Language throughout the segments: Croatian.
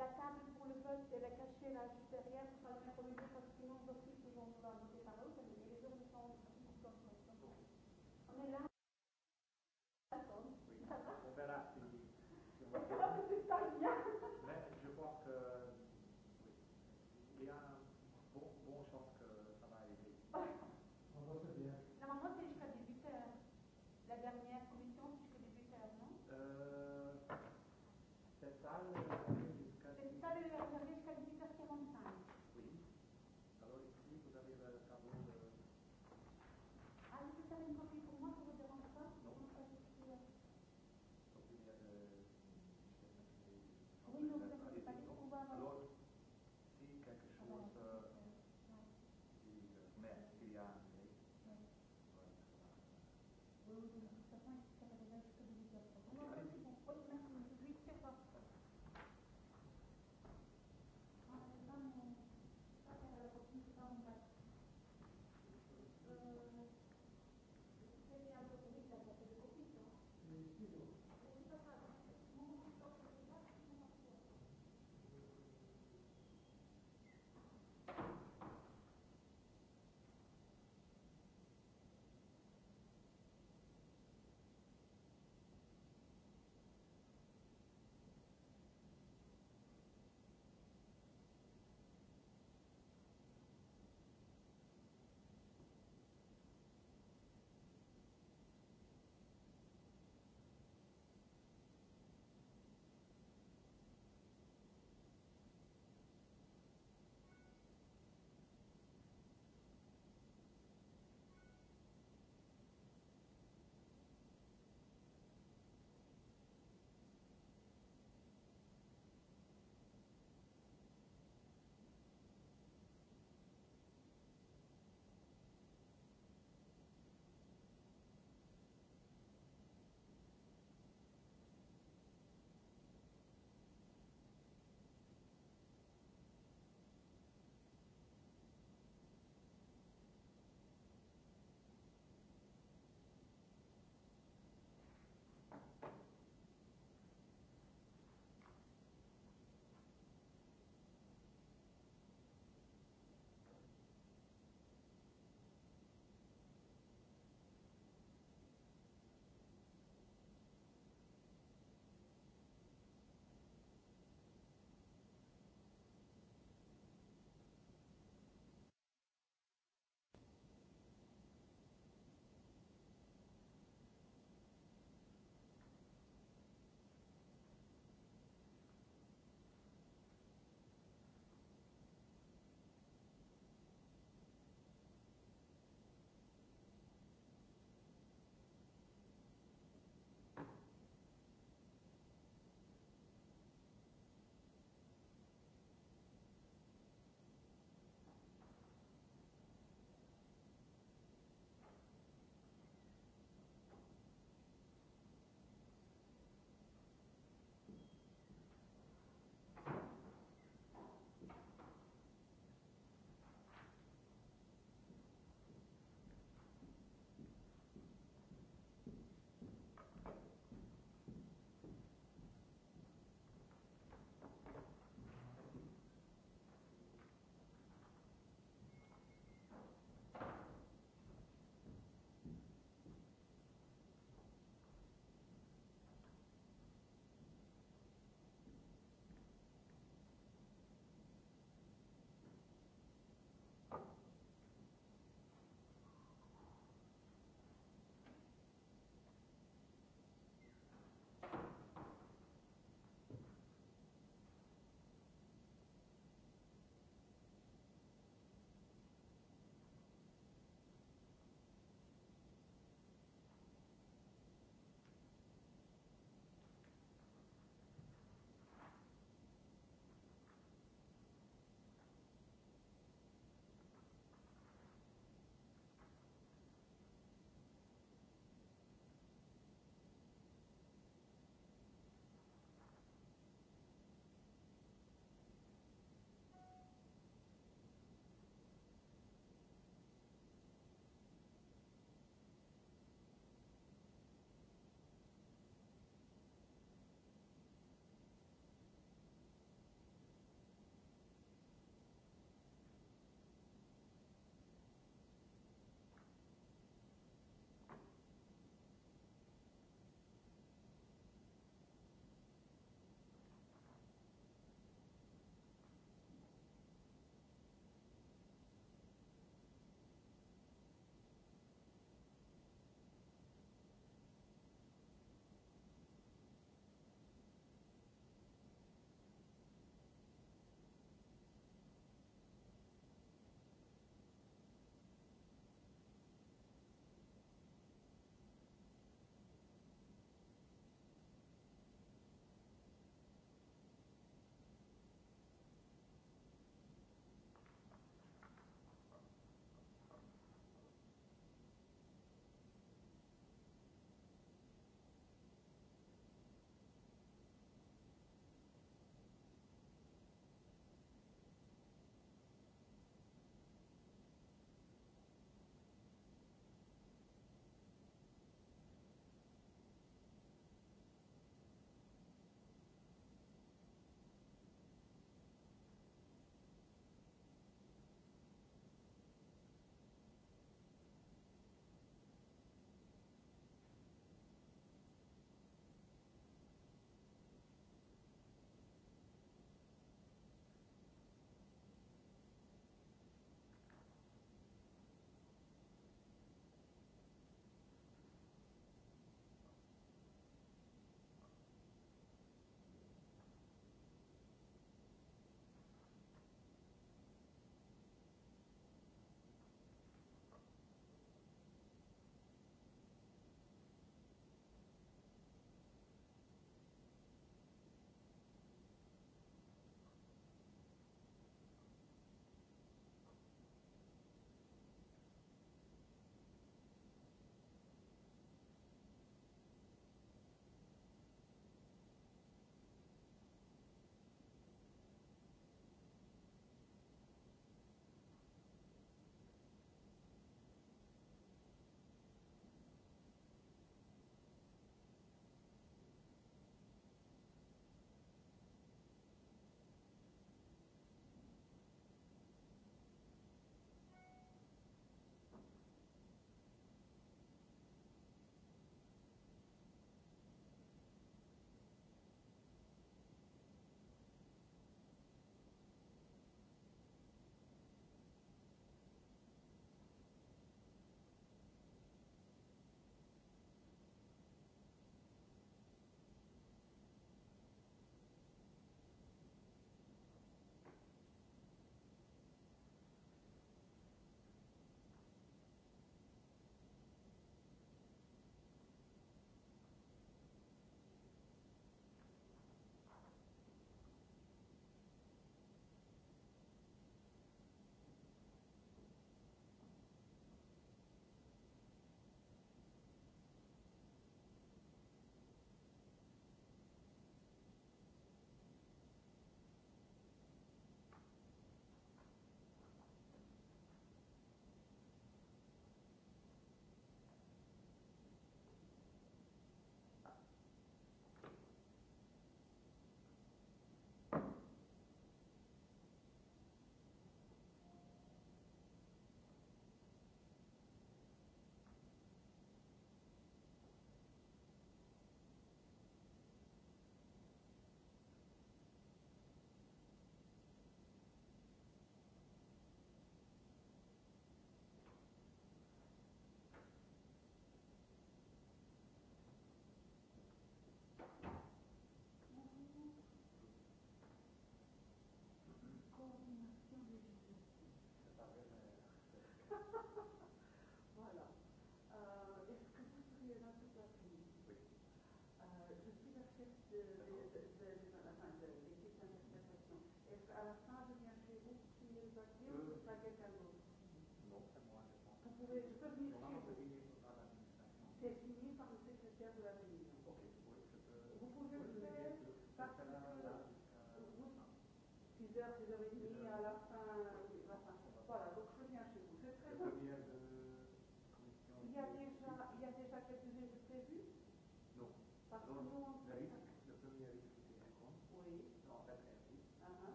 la table pour le vote de la cachée la Hvala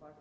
Part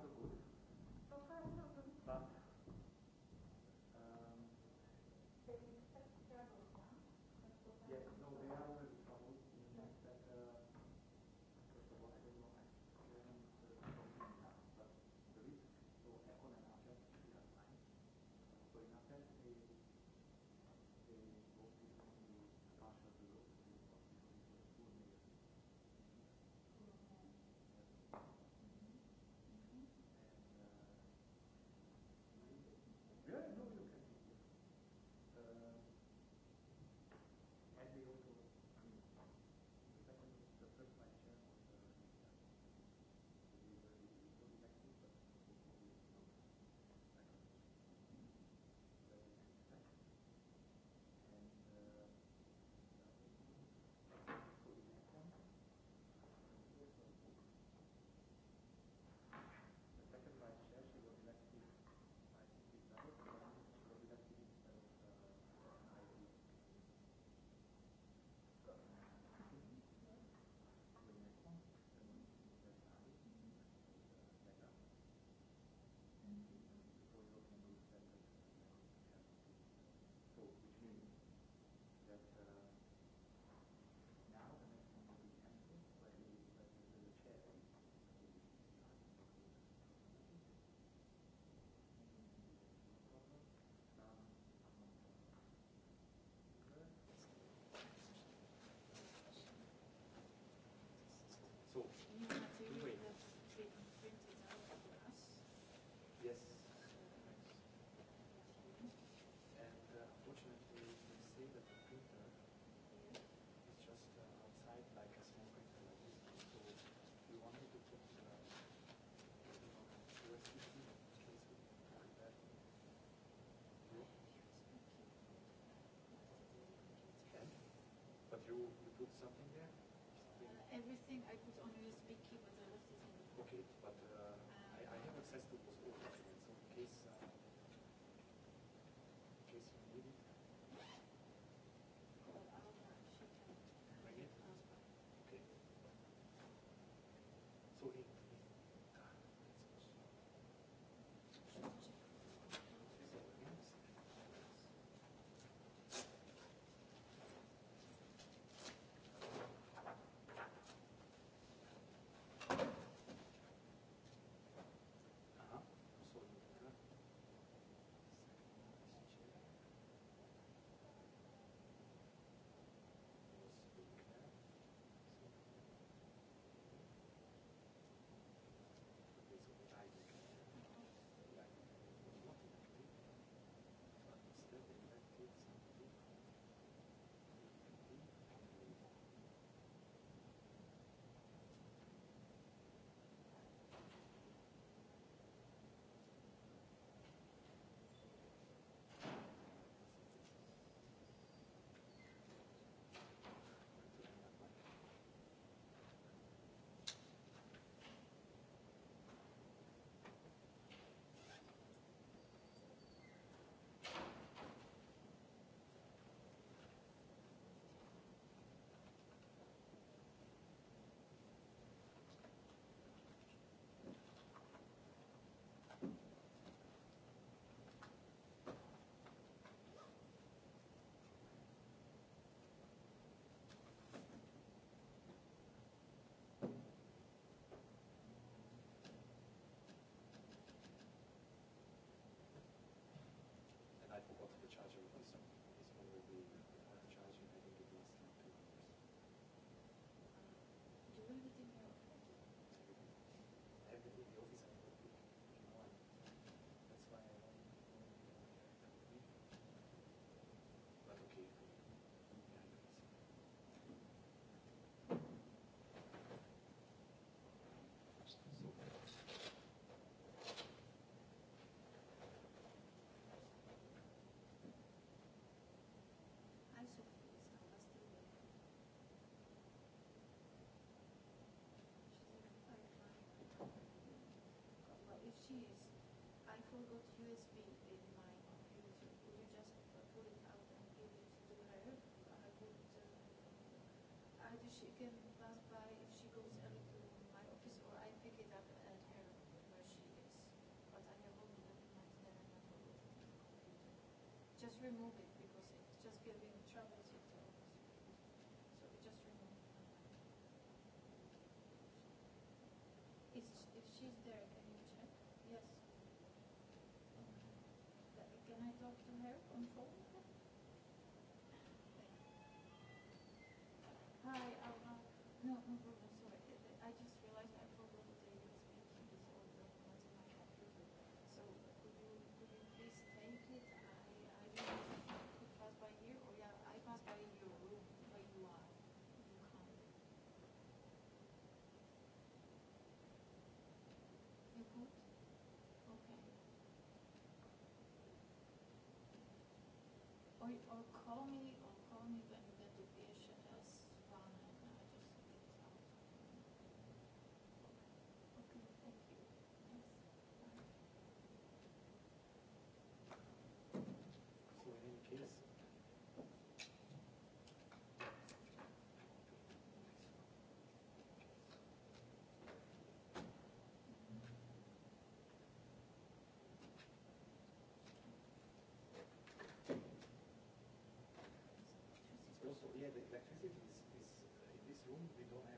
put something there? Uh, everything I put on USB key, but I left it in. Okay, but uh, uh, I, I have access to those old documents, so in case. Uh, just remove it because it's just giving trouble to So we just remove it. Is, if she's there, can you check? Yes. Can I talk to her on phone? call me or call me, or call me back. electricity is, is in this room we don't have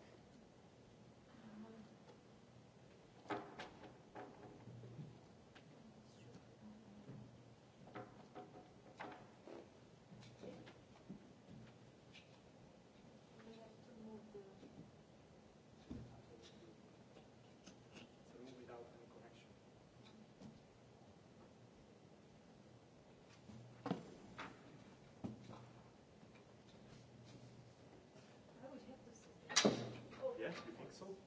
So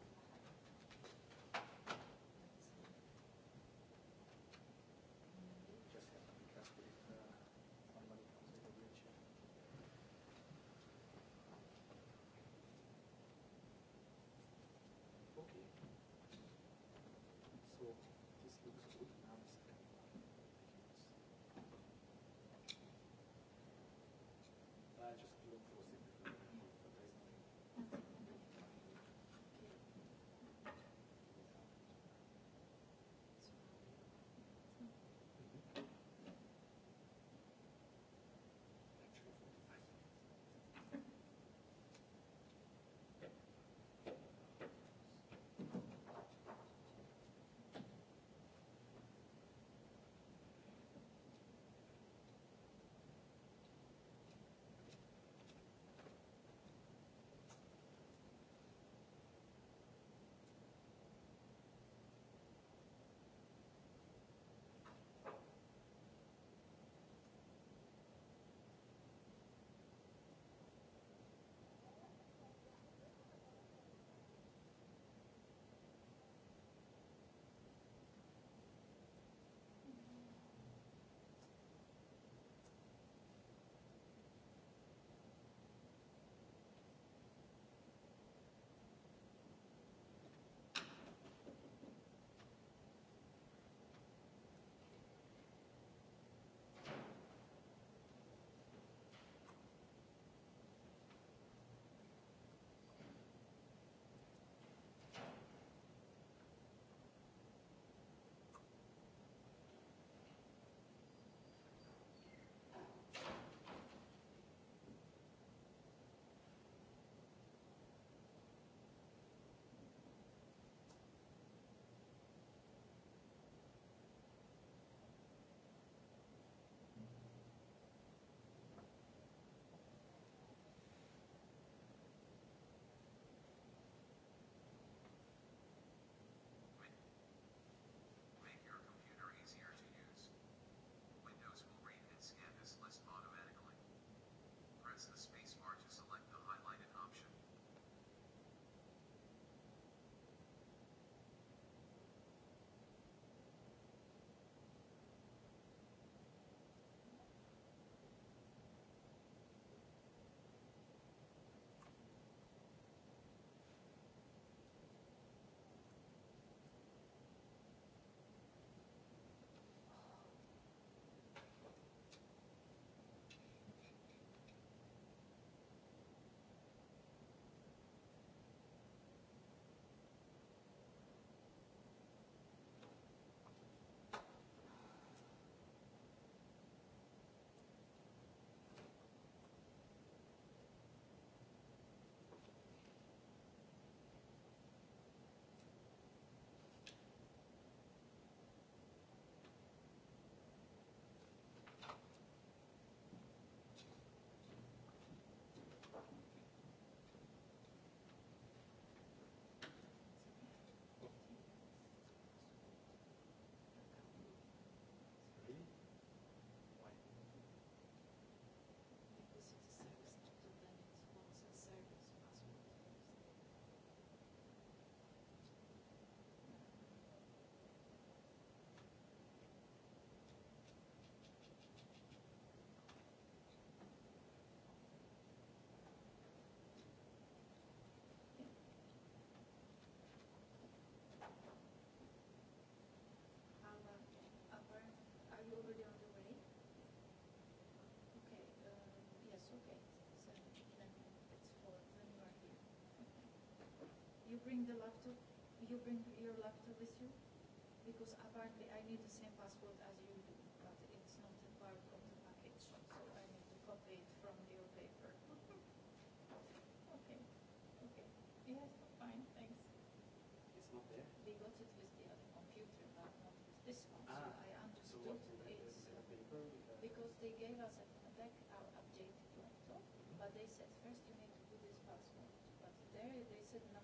bring the laptop? You bring your laptop with you? Because apparently I need the same password as you do, but it's not a part of the package, so I need to copy it from your paper. okay, okay. Yes, fine, thanks. It's not there? We got it with the other computer, but not with this one, ah, so I understood so it's... because they gave us a back our updated laptop, mm -hmm. but they said first you need to do this password. But there they said no,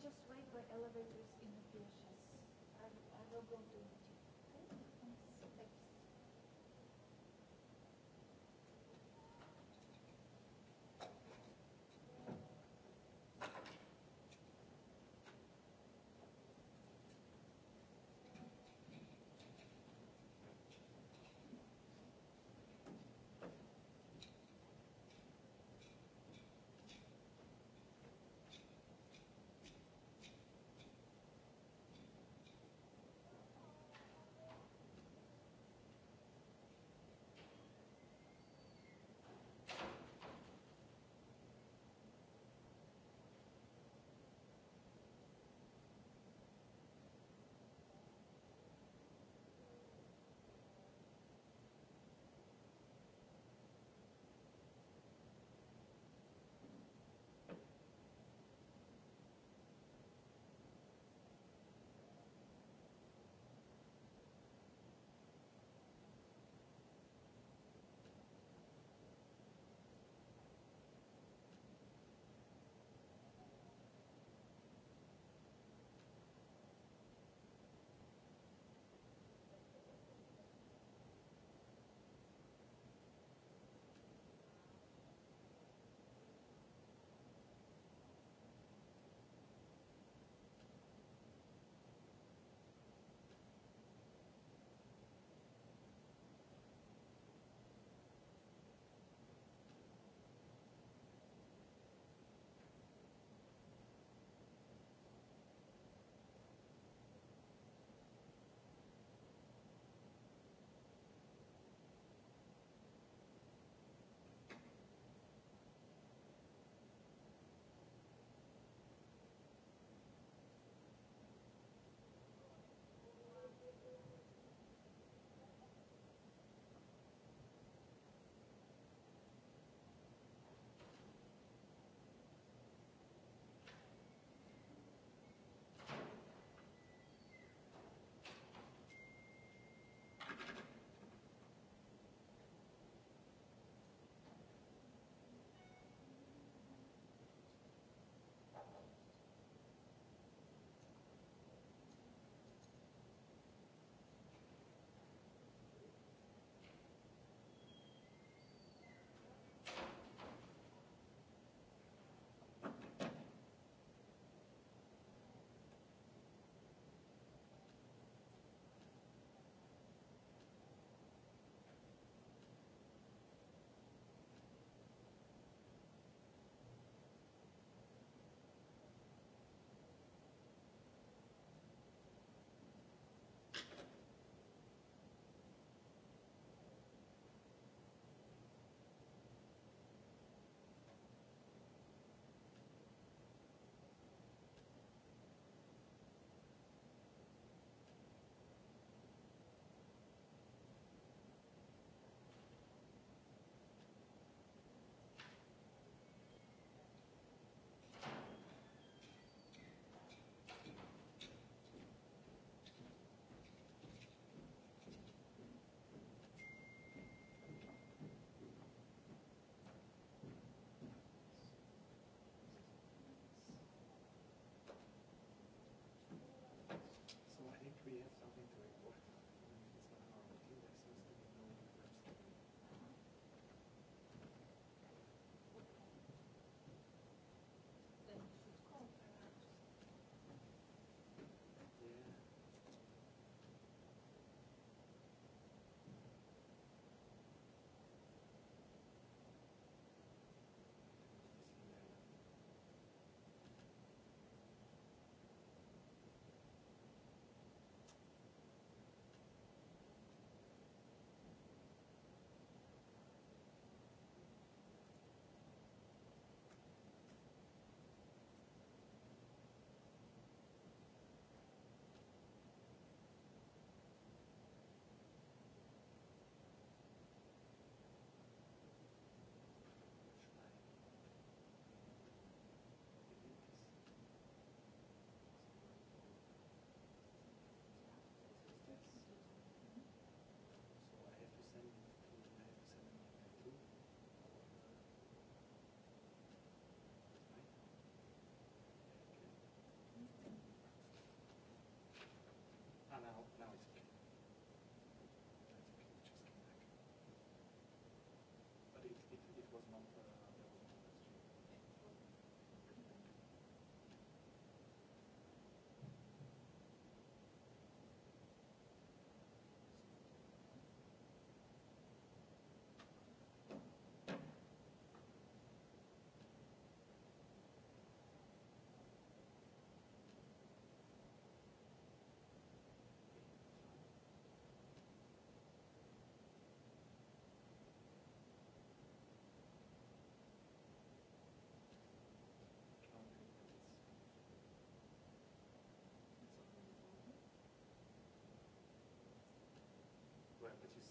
just, wait for elevators in the PHS. I, I will go to it.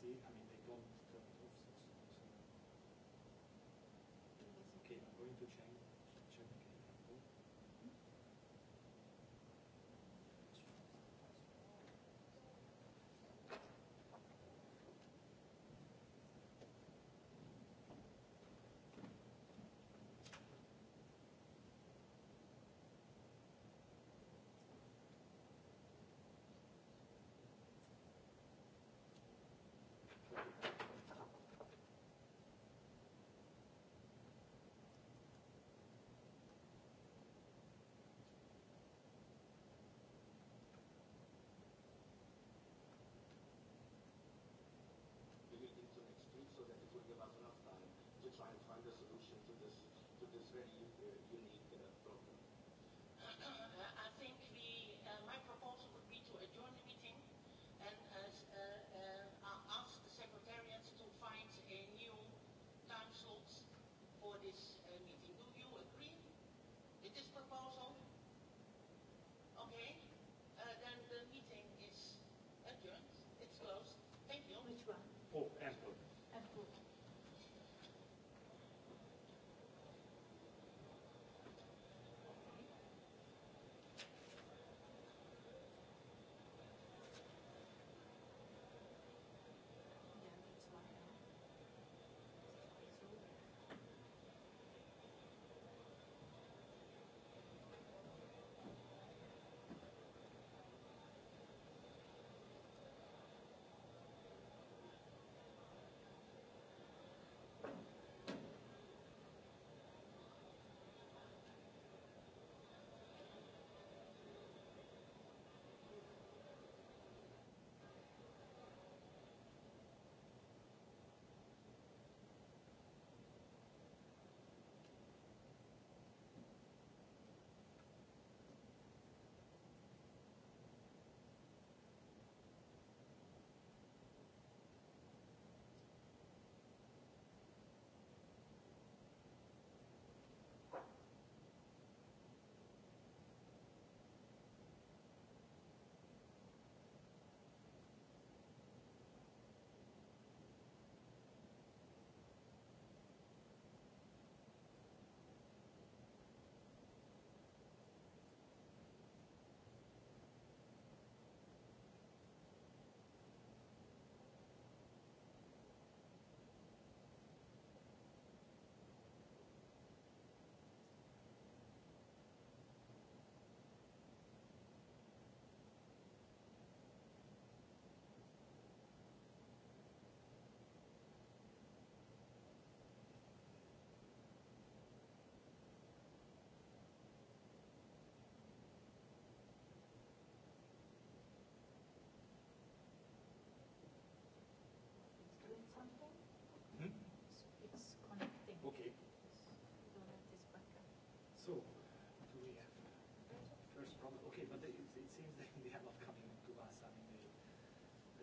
see. I mean, they turn it off. So, Okay, very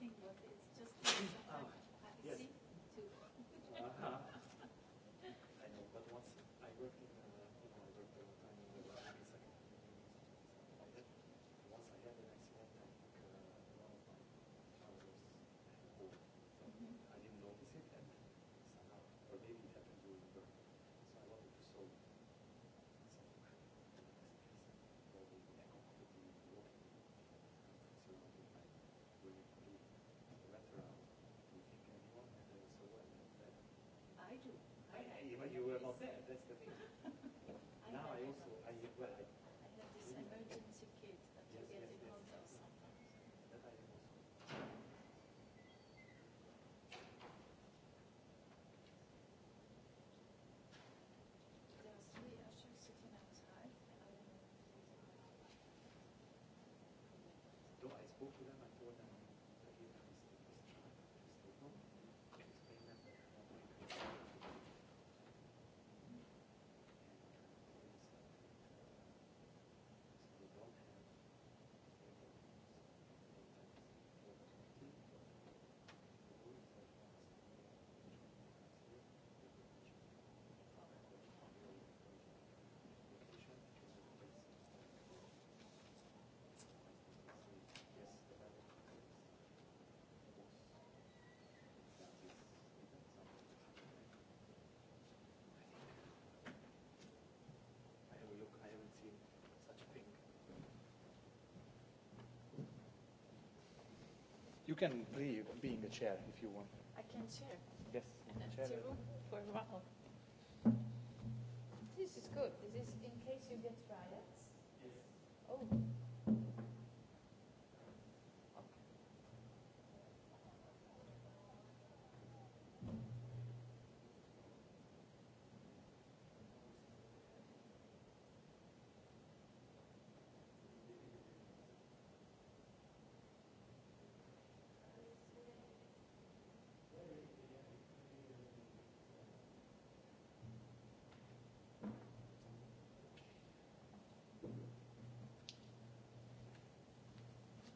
think what is ok You can be being a chair if you want. I can chair. Yes. chair. for a while. This is good. This is in case you get riots. Yes. Oh.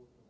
Hvala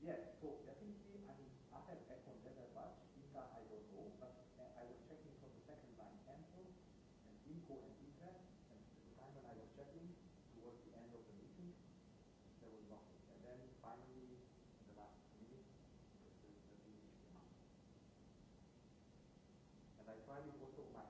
Yes. So definitely, I mean, I have echoed that much. Inca, I don't know, but uh, I was checking for the second line cancel and Inco and Inca, and at the time when I was checking towards the end of the meeting, there was nothing. And then finally, in the last minute, the, the, the meeting came And I tried it also on my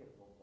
tijekom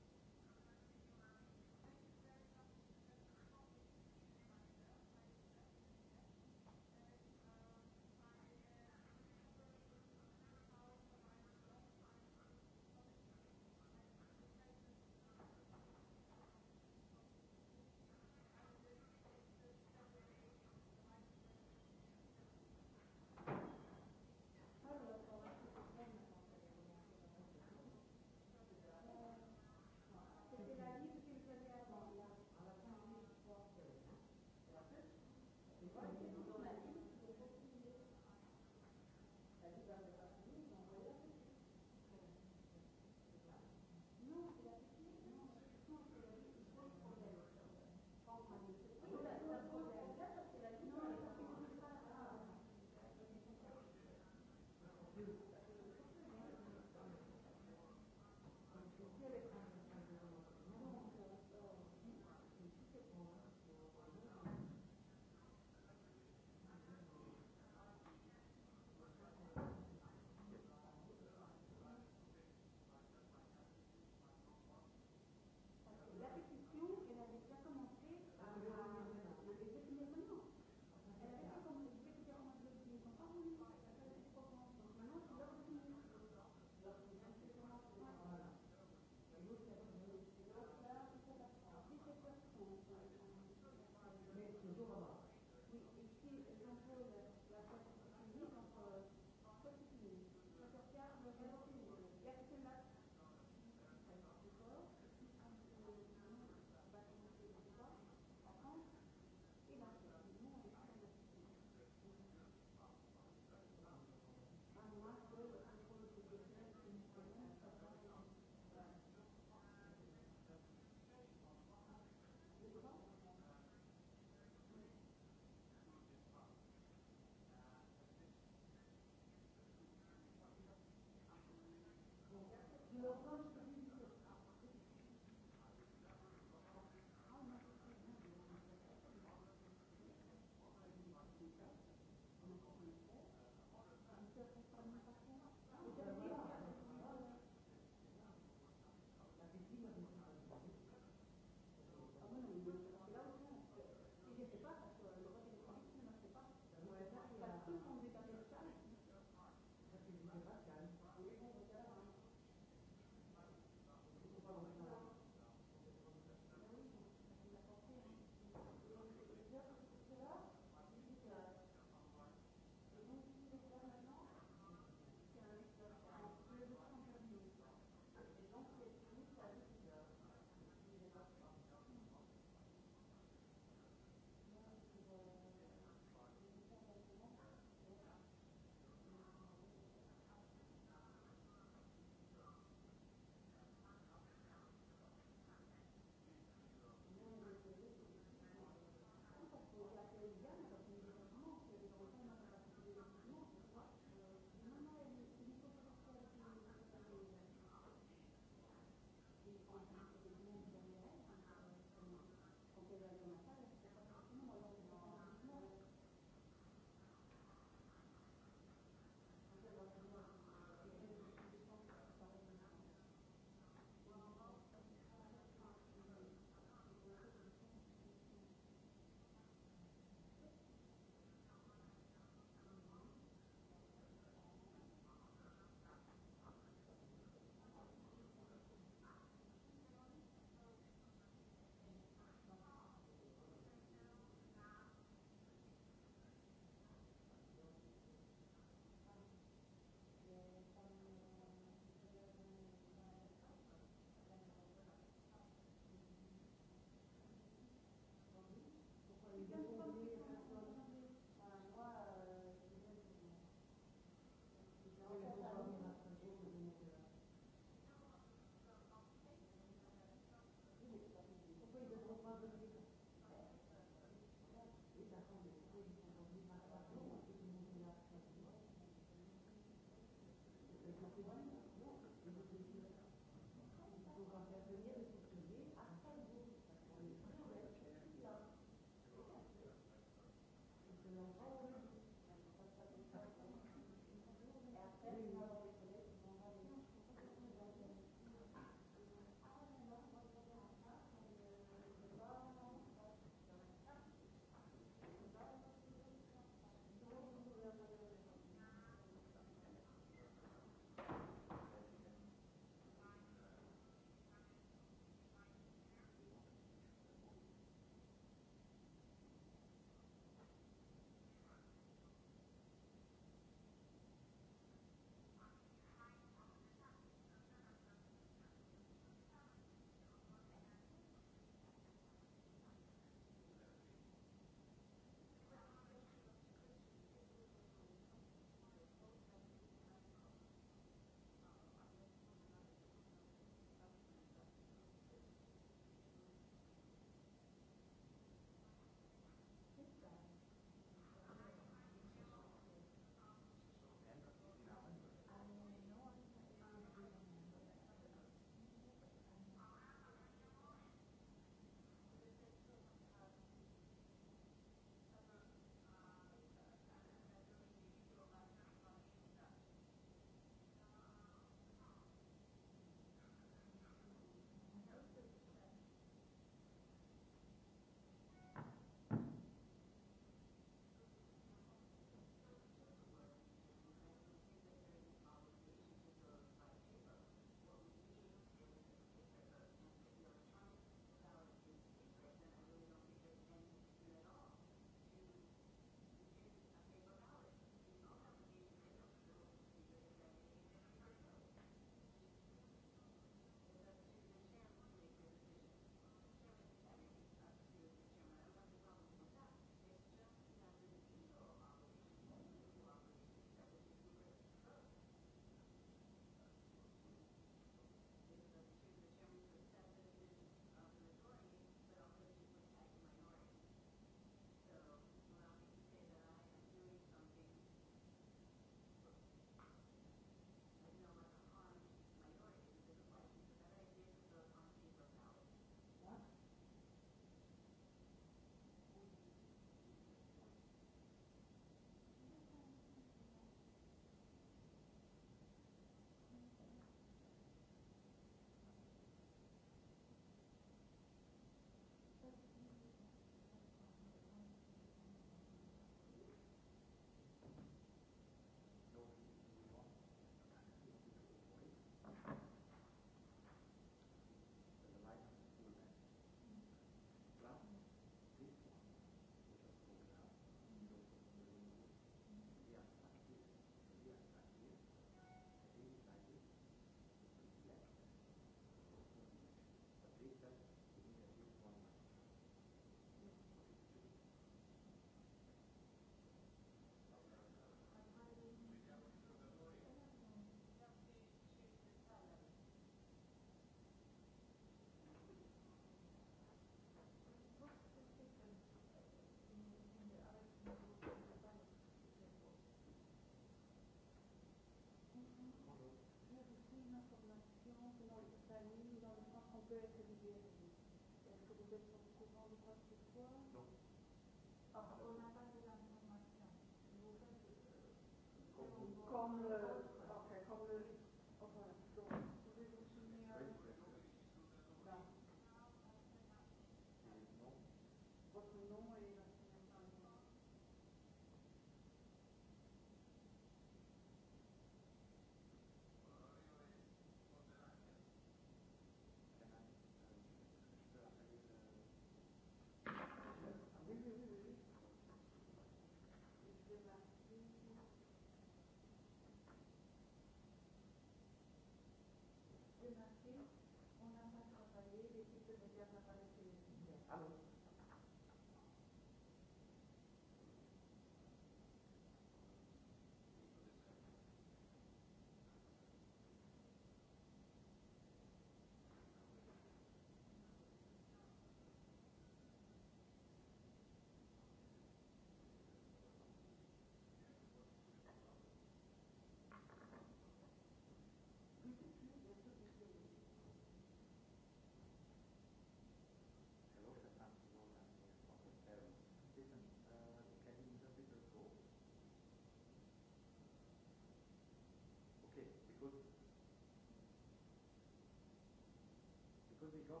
Yes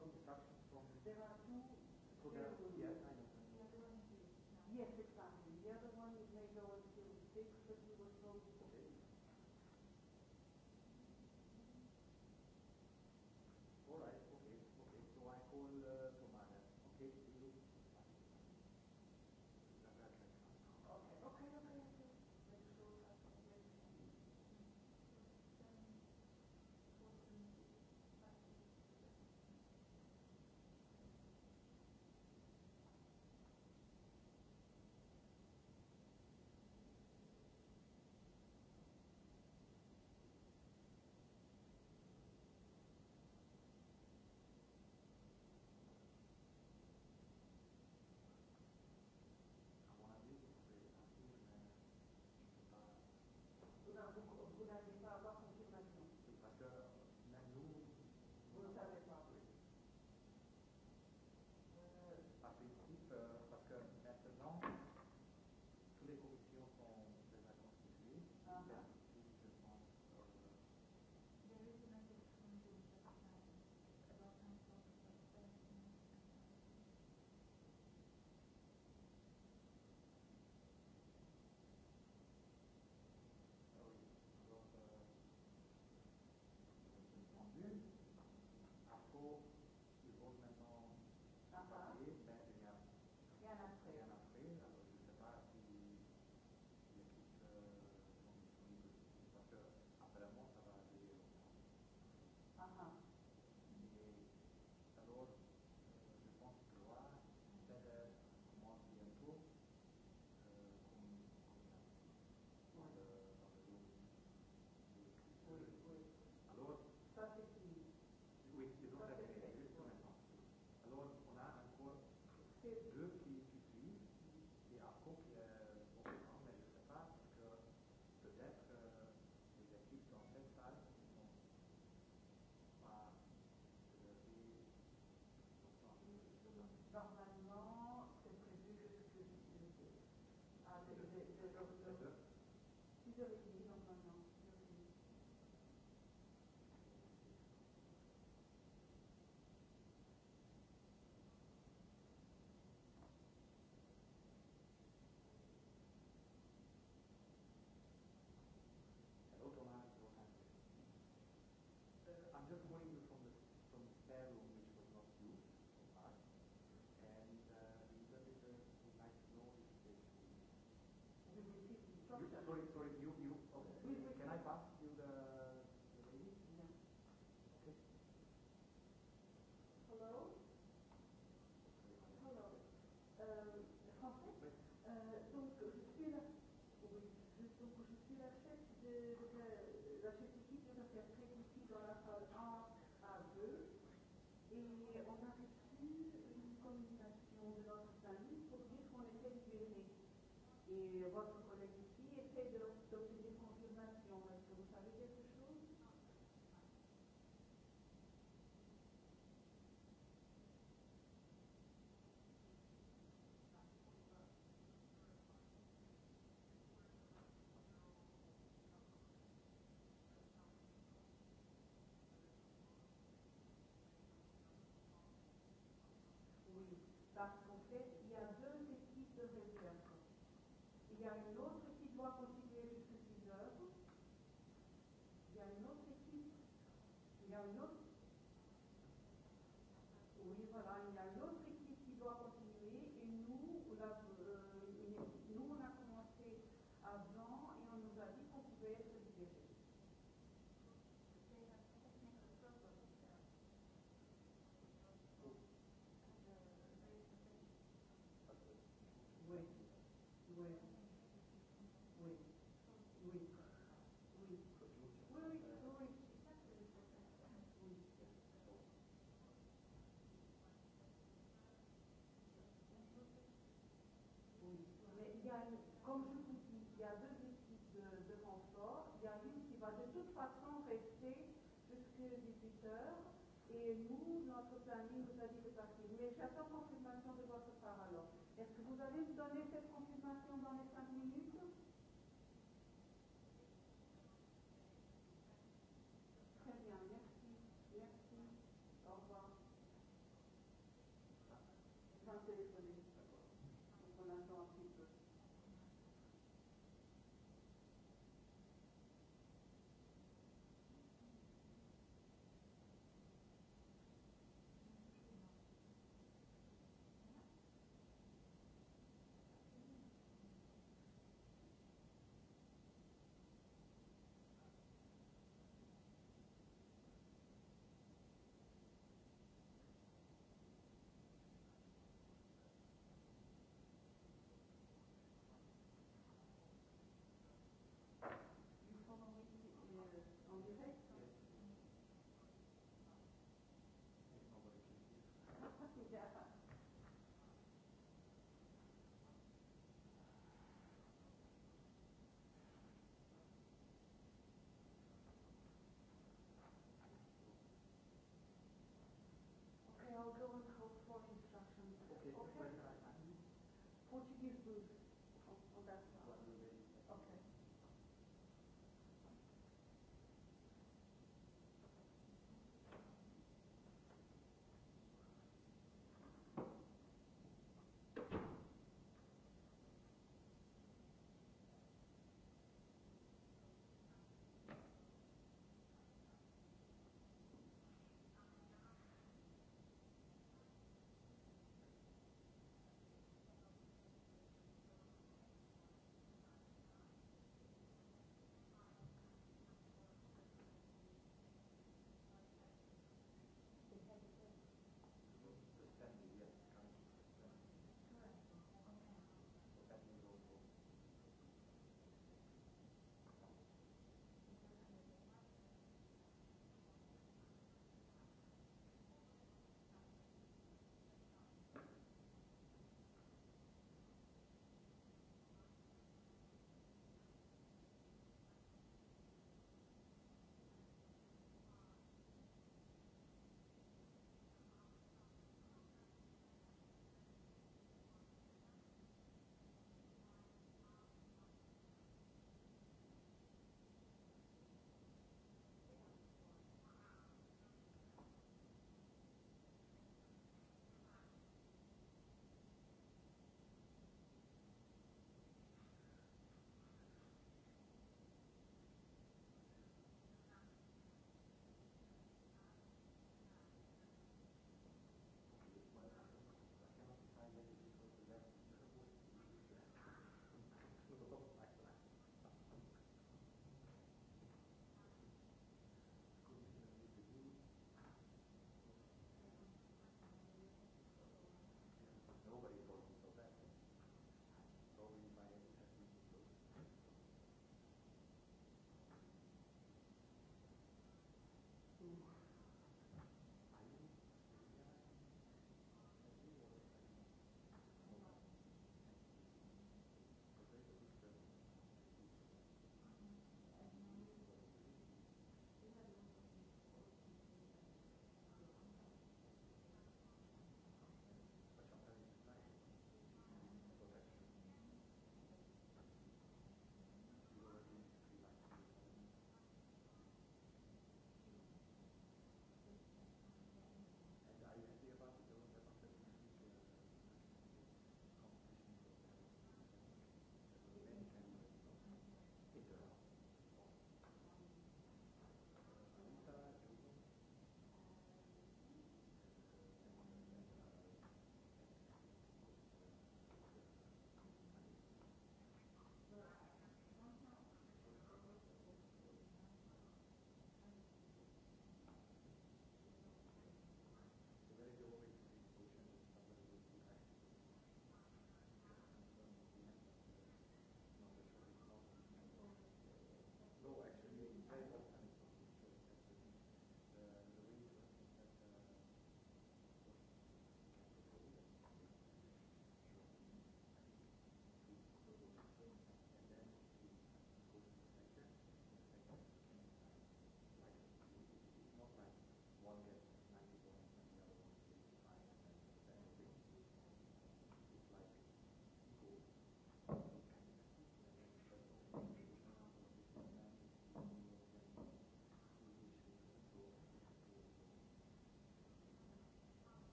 i diagnoz, i dva je nu, nu a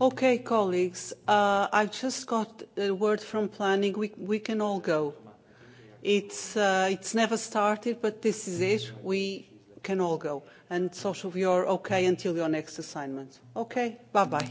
Okay, colleagues, uh, I just got a word from planning. We, we can all go. It's, uh, it's never started, but this is it. We can all go. And social, you're okay until your next assignment. Okay, bye-bye.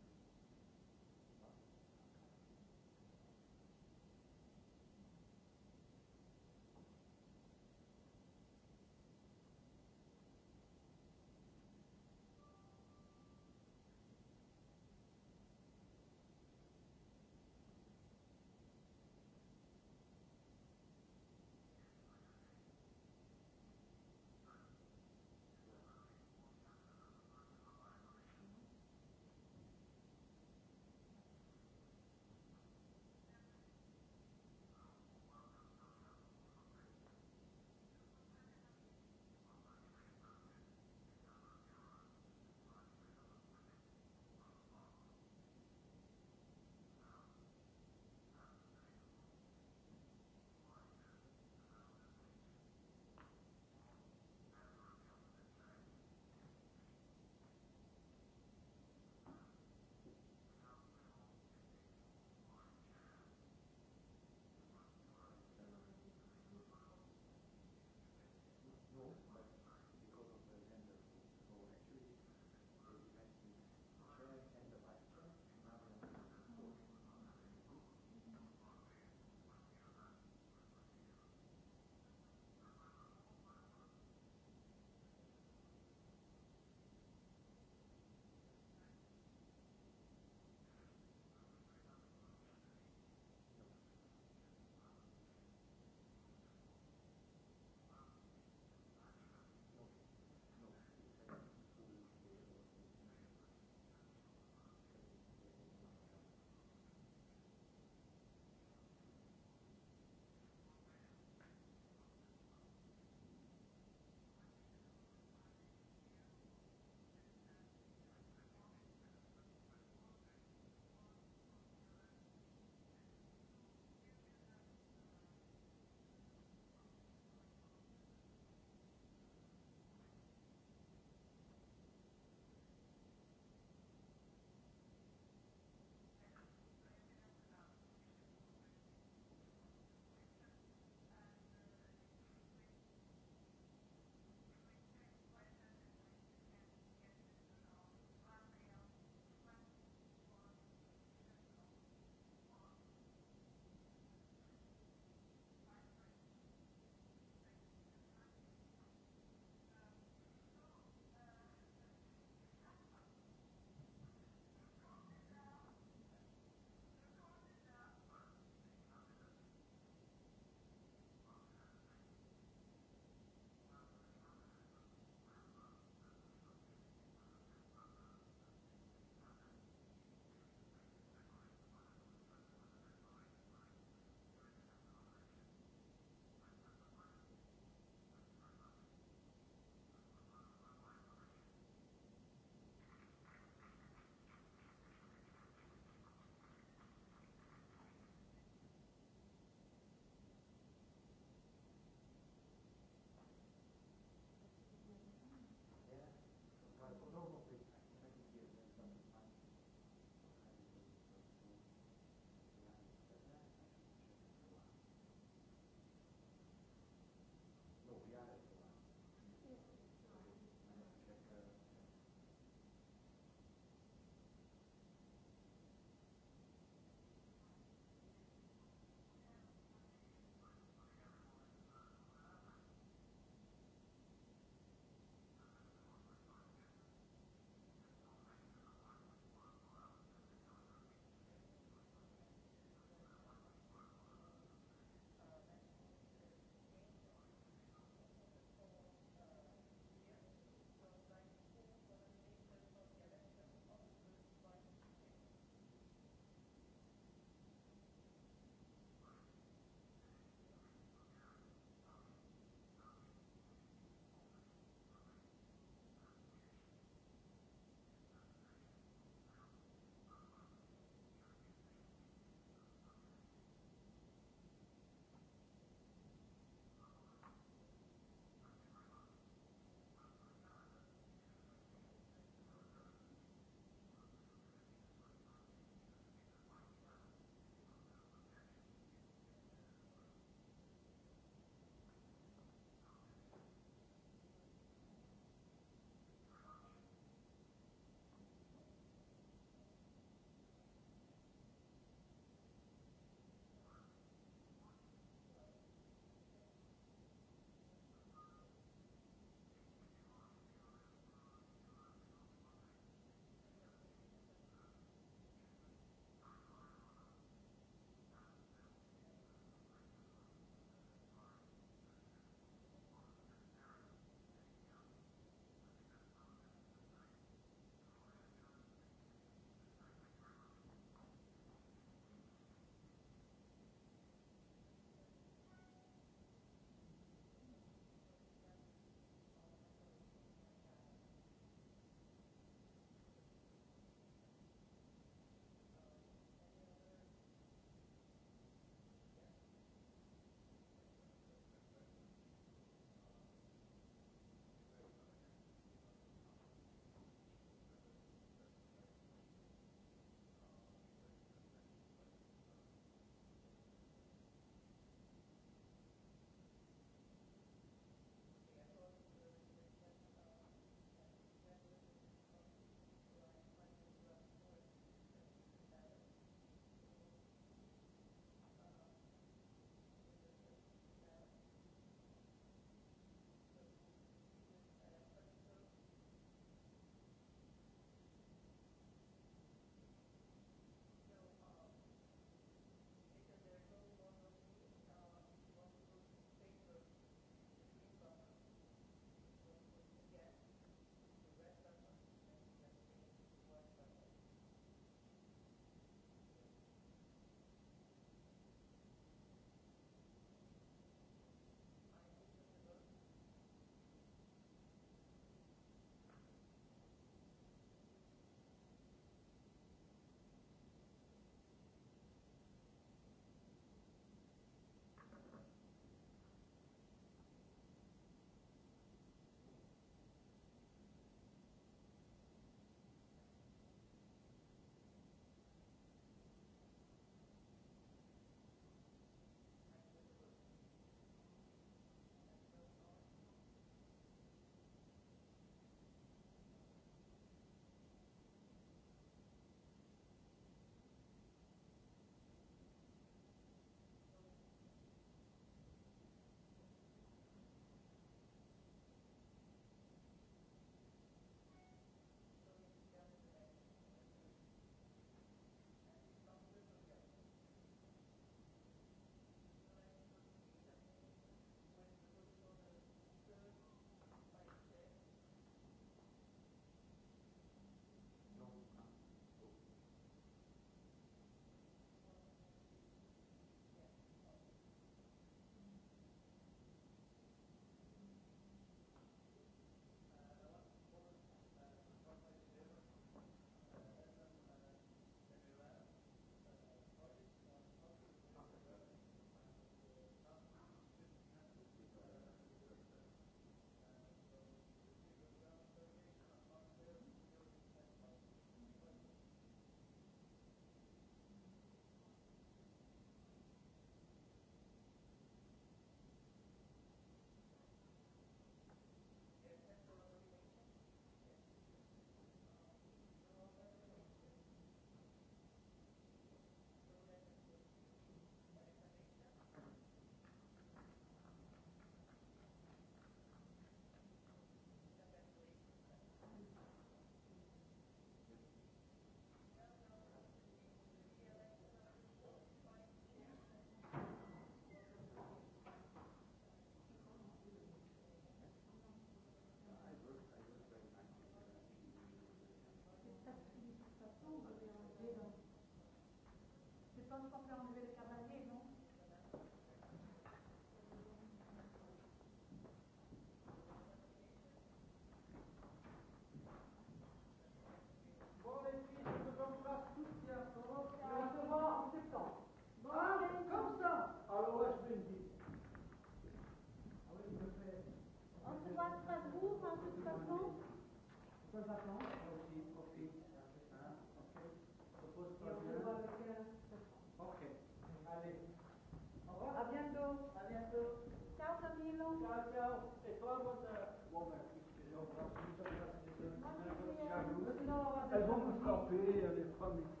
frappé